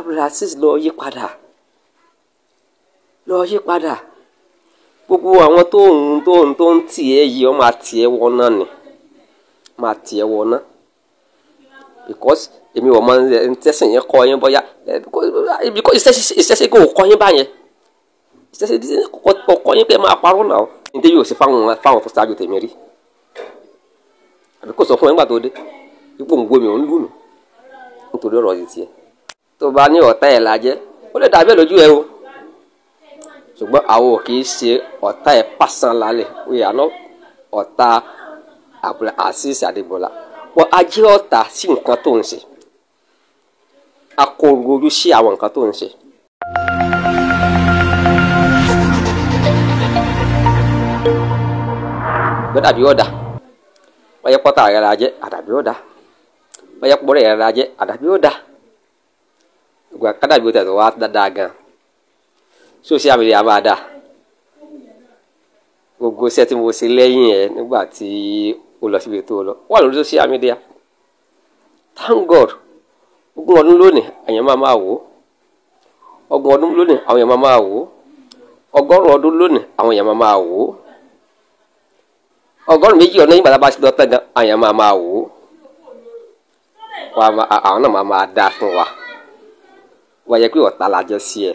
abdulrasis lọ yí padà lọ yí padà gbogbo àwọn tó ń tó ń tó ń tì ẹ́ yìí ọ máa tì ẹ́ wọ náà ni máa tì ẹ́ wọ náà because èmi ò mọ ntẹ́sìn yẹn kọ́ yín bọ́yá because ìṣẹ́ṣe kò kọ́ yín báyẹn ìṣẹ́ṣe kò kọ́ yín pé máa parọ́ náà ǹdẹ́ yóò ṣe fáwọn fáwọn fún ṣáájú tèmi rí àbí kò sọ fún ẹ nígbà tó dé ipò ń gbómi ò ń lù nítorí ọ̀rọ̀ yìí tiẹ̀ tó bá ní ọ̀tá ẹ̀ lájẹ́ ó lè dàbí lójú ẹ o ṣùgbọ́n àwọn ò kì í ṣe ọ̀tá ẹ̀ pàṣán lálẹ́ ó yà lọ ọ̀tá Abdul Azeez Adébọ́lá wọn á jẹ́ ọ̀tá sí nǹkan tó ń ṣe akóńgó ojú sí àwọn nǹkan tó ń ṣe. gbọ́dà bí ọ̀dà wọ́n pọ́tà rẹ̀ la jẹ́ àdàbí ọ̀dà wọ́n pọ́rẹ́ rẹ̀ la àdàbí ọ̀dà gbà kádà bí ó tẹ̀ tó wá dáadáa gan so ṣé àmì ìyá gbogbo iṣẹ́ tí mo ṣe lẹ́yìn ẹ̀ nígbà tí o lọ síbi tó lọ wà lórí social media thank god ogún ọdún lónìí àyàn máa máa wò ó ọgbọ̀n ọdún lónìí àwọn èèyàn máa máa wò ó ọgọ́rùn-ún ọdún lónìí àwọn èèyàn máa máa wò ó ọgọ́rùn-ún méjì ọdún yìí bàtà bá ṣe lọ tán gan àwọn èèyàn máa máa wò ó àwọn náà máa máa dá fún wa wọ́n yẹ pé ọ̀tá la jẹ́ sí ẹ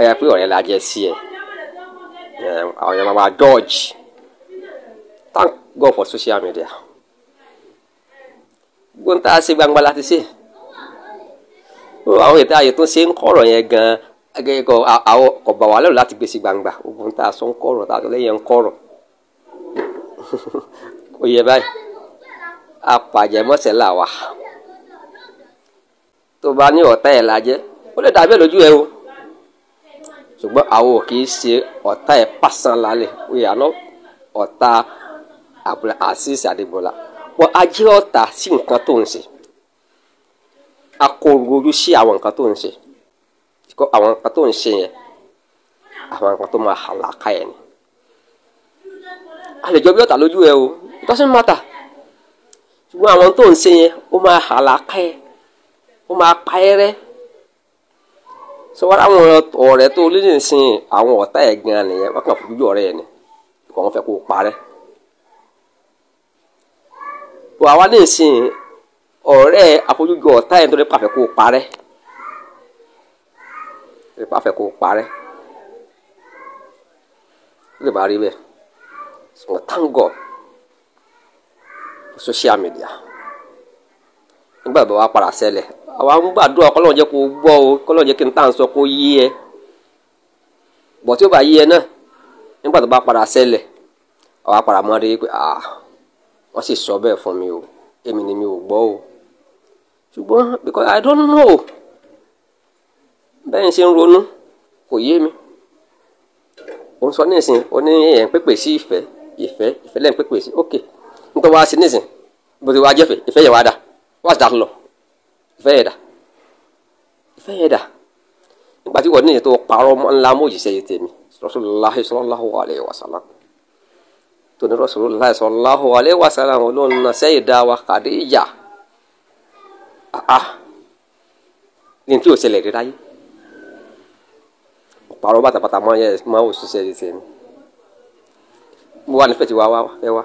ẹ yẹ pé ọ̀rẹ́ la jẹ́ sí ẹ àwọn yẹn máa wá dọ́ọ̀jì thank God for social media gbọ́n tá a ṣe gbangba láti ṣe àwọn ètò ààyè tó ṣe ń yẹn gan-an akẹ́kọ̀ọ́ àwọn ọ̀bà wà lẹ́rù láti gbé sí gbangba ogun tá a sọ ń kọ̀rọ̀ tá a sọ báyìí apàjẹmọ́sẹ̀ là wà tó bá ní ọ̀tá ẹ̀ lájẹ́ ó lè dàbí ẹ̀ lójú ẹ o ṣùgbọ́n àwọn ò kì í ṣe ọ̀tá ẹ̀ pàṣán lálẹ́ ó yà lọ ọ̀tá Abdul Aziz Adébọ́lá wọn ajé ọ̀tá sí nǹkan tó ń ṣe akọrò ojú sí àwọn nǹkan tó ń ṣe kó àwọn nǹkan tó ń ṣe yẹn àwọn nǹkan tó máa hàlàkà yẹn ni a lè jọ bí ọ̀tá lójú ẹ o it doesn't matter ṣùgbọ́n àwọn tó ń ṣe yẹn ó máa hàlàkà yẹn ó máa pa ẹ́ rẹ́ sọwọ́n àwọn ọ̀rẹ́ tó lé nìsín àwọn ọ̀tá ẹ̀ gan nìyẹn wọ́n kàn fojú ọ̀rẹ́ ẹ̀ ni kò wọ́n fẹ́ kó parẹ́ tó àwa nìsín ọ̀rẹ́ àfojújù ọ̀tá ẹ̀ tó lè pàfẹ́ kó parẹ́ lè pàfẹ́ kó parẹ́ lè bá rí bẹ́ẹ̀ sọ̀rọ̀ táǹgọ̀ social media nígbà tó wá padà ṣẹlẹ̀ àwa ń gbàdúrà kọ́lọ́run jẹ́ kó gbọ́ o kọ́lọ́run jẹ́ kí n tà ń sọ kó yé ẹ bọ̀ tí ó bá yé ẹ náà nígbà tó bá padà àwa padà mọ́ pé ah wọ́n sì sọ bẹ́ẹ̀ mi o èmi ni mi ò gbọ́ o ṣùgbọ́n because I don't know bẹ́ẹ̀ ń ṣe ń ronú kò yé mi ò ń sọ nísìn ó ní èèyàn pépè sí ìfẹ́ ìfẹ́ ìfẹ́ sí ok nítorí wá sí nísìn bó ti ìfẹ́ yẹn dà what's that law. ìfẹ́ ẹ̀dá ìfẹ́ ẹ̀dá nígbà tí wọ́n ní ètò parọ́ ńlá mójíṣẹ́ yìí tèmi Rasulullah sallallahu alayhi wa sallam tó ní Rasulullah sallallahu alayhi wa sallam olóhùn náà sẹ́yìn dá wa Khadija ah ní tí ò ṣẹlẹ̀ rí láyé parọ́ bàtàbàtà máa ń yẹ máa ń òṣìṣẹ́ yìí tèmi mo wà nífẹ̀ẹ́ tí wàá wá fẹ́ wá.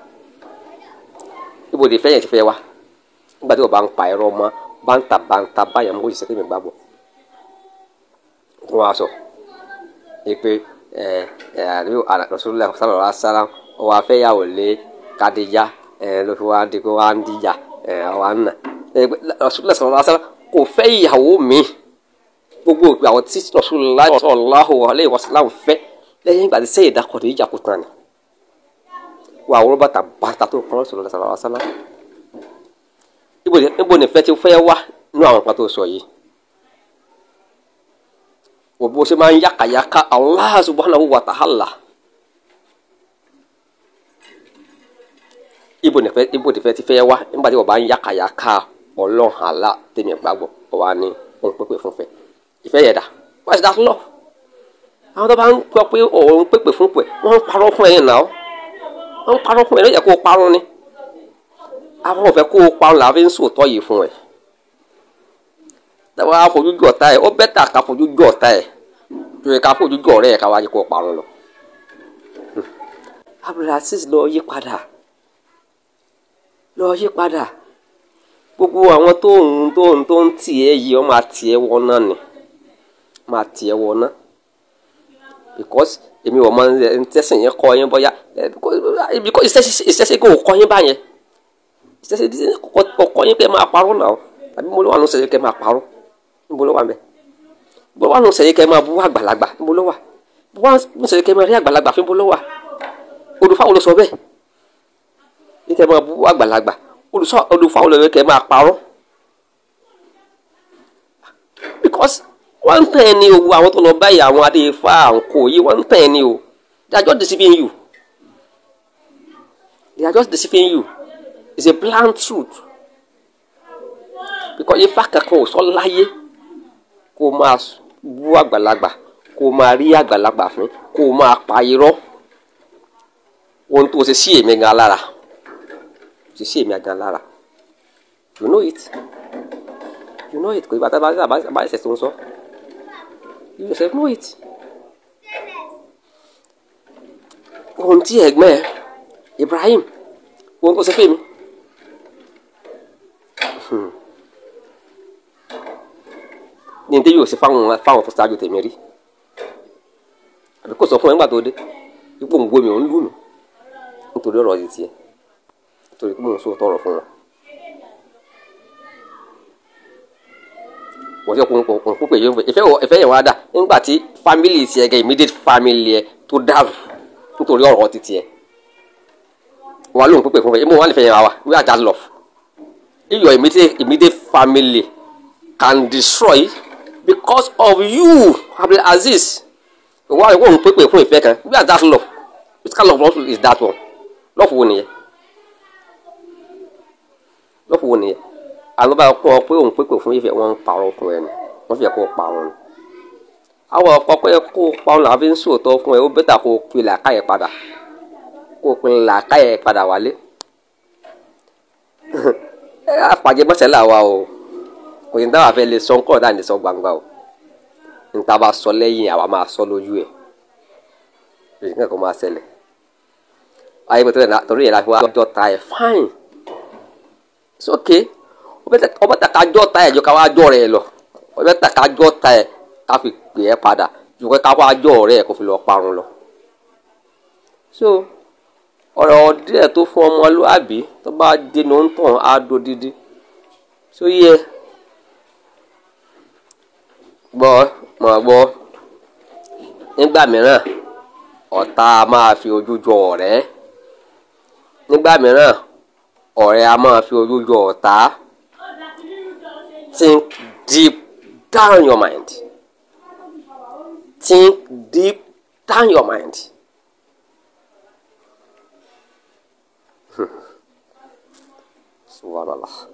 bóde fẹ́yìn ti fẹ́ wa nígbà tí wọ́n bá ń pa ẹ̀rọ ọmọ báńtà báńtà báyà mú ìṣẹ́kẹ́ mi gbàgbọ́ wọ́n á sọ yìí pé ẹ ẹ àdúgbò àdàtọ̀sọ́lá sábàbà sára ọwọ́ afẹ́yàwó lé kadija ẹ ló fi wá di pé wá ń dìjà ẹ ọwọ́ àná ẹ lọ́sọ́lá sábàbà sára kò fẹ́ ìyàwó mi gbogbo àwọn tí lọ́sọ́lá sọ̀rọ̀ láhùn alẹ́ ìwọ̀sán láhùn fẹ́ lẹ́yìn ìgbà tí sẹ́yìn dákọ̀dé ìjà kò tán ni wọ àwòrán bàtà bàtà tó kọ́ lọ́sọ̀rọ̀ lọ́sọ̀rọ̀ lọ́sọ̀rọ̀ níbo ni fẹ́ ti fẹ́ wá nínú àwọn nǹkan tó sọ yìí wò bó ṣe máa ń yàkàyàkà Allah subhanahu wa ta'ala ibo ni fẹ́ ibo ni fẹ́ ti fẹ́ wá nígbà tí wọ́n bá ń yàkàyàkà ọlọ́run àlá tèmi gbàgbọ́ ọ̀wá ni òun pépè fún fẹ́ ìfẹ́ yẹn dà wọ́n ti dá lọ àwọn tó bá ń gbọ́ pé òun pépè fún pẹ̀ wọ́n ń parọ́ fún ẹ̀yìn náà wọ́n parọ́ fún mi lọ́jà kó o ni àwọn ọ̀fẹ́ kó o parọ́ fi ń sòótọ́ yìí fún ẹ táwọn afojújọ ọ̀tá ẹ ó bẹ́tà ká fojújọ ọ̀tá ẹ ju ká fojújọ ọ̀rẹ́ ẹ ká kó o lọ. Hmm. Abdulaziz lọ yí padà lọ yí padà gbogbo àwọn tó ń tó ń tó ń tì ẹ yìí ọ máa tì ẹ wọ náà ni máa tì ẹ wọ náà because èmi wọ̀ mọ ntẹ́sìn yẹn kọ́ yín bọ́yá because ìṣẹ́ṣe kò kọ́ yín báyẹn ìṣẹ́ṣe kò kọ́ yín pé máa parọ́ náà àbí mo ló wà nù sẹ́yìn kẹ́ máa parọ́ níbo ló wà mẹ́ bó wà nù sẹ́yìn kẹ́ máa bú àgbàlagbà níbo ló wà bó wà nù sẹ́yìn kẹ́ máa rí àgbàlagbà fún níbo ló wà olùfáwọn ló sọ bẹ́ẹ̀ ní kẹ́ máa bú àgbàlagbà olùfáwọn ló yẹ kẹ́ máa parọ́ because wọ́n ń tàn ẹ́ ní owó àwọn tó lọ báyìí àwọn adéfà àǹkó yìí wọ́n ń tàn o they are just deceiving you they are just deceiving you it's a blunt truth because ifá kankan ò sọ láyé kó máa bú àgbàlagbà kó máa rí àgbàlagbà fún kó máa pa irọ́ ohun tó ṣe sí èmi gan lára ṣe sí èmi gan lára you know it you know it kò ìgbà tá a bá ṣẹ̀ṣẹ̀ tó ń sọ you yourself know it. ohun tí ẹ̀gbọ́n Ibrahim wọn kò sọ fún mi. ní ní yóò ṣe fáwọn fáwọn fún ṣáájú tèmi rí àbí kò sọ fún ẹ nígbà tó dé ipò ń gbomi òun lù mí nítorí ọ̀rọ̀ yìí tiẹ̀ nítorí pé mò ń sọ tọrọ fún wọn. kò sí ọkùnrin kò kò pè yín ìfẹ́ ìfẹ́ yẹn wá dà nígbà tí family ti ẹ̀ gẹ́ immediate family ẹ̀ tó dàrú nítorí ọ̀rọ̀ títí ẹ̀ wà lóhùn pípé fún fẹ́ ìmọ̀ wà lè fẹ́ yẹn wá wa we are just love if your immediate immediate family can destroy because of you Abdulaziz wà lóhùn pípé fún ìfẹ́ kan we are just love which kind of love is that one love wo nìyẹn love wo nìyẹn alọ́ba kún ọ pé òun pépè fún ìfẹ́ wọn ń parọ́ fún ẹ nù fi kó pa wọn. àwọn ọkọ pé kó pa wọn làwọn fi ń fún ẹ ó bẹ́tà kó pin làákàyè padà kó pin làákàyè padà wálé. ẹ àpàjẹ mọ́sẹ̀ là wa o kò ní dáwà fẹ́ lè sọ ńkọ́ dáà ní sọ gbangba o níta bá sọ lẹ́yìn àwa máa sọ lójú ẹ̀ èyí kankan máa ṣẹlẹ̀ ayé pẹ̀tẹ́lẹ̀ torí ẹ̀ la fi wá dọ́ta ẹ̀ fáìn it's okay ọbẹ̀ takajọ́ ta ẹ̀ jọ ká wá jọ rẹ̀ lọ ọbẹ̀ takajọ́ ta ẹ̀ ká fi pè ẹ́ padà jù pé ká wá jọ rẹ̀ kó lọ parun lọ. so ọ̀rọ̀ díẹ̀ tó fún ọmọlúàbí tó bá dènà ń tàn á dídí so yẹ gbọ́ mọ̀ gbọ́ nígbà mìíràn ọ̀tá a máa fi ojú jọ ọ̀rẹ́ nígbà mìíràn ọ̀rẹ́ a máa fi ojú jọ ọ̀tá Think deep down your mind. Think deep down your mind. Subhanallah.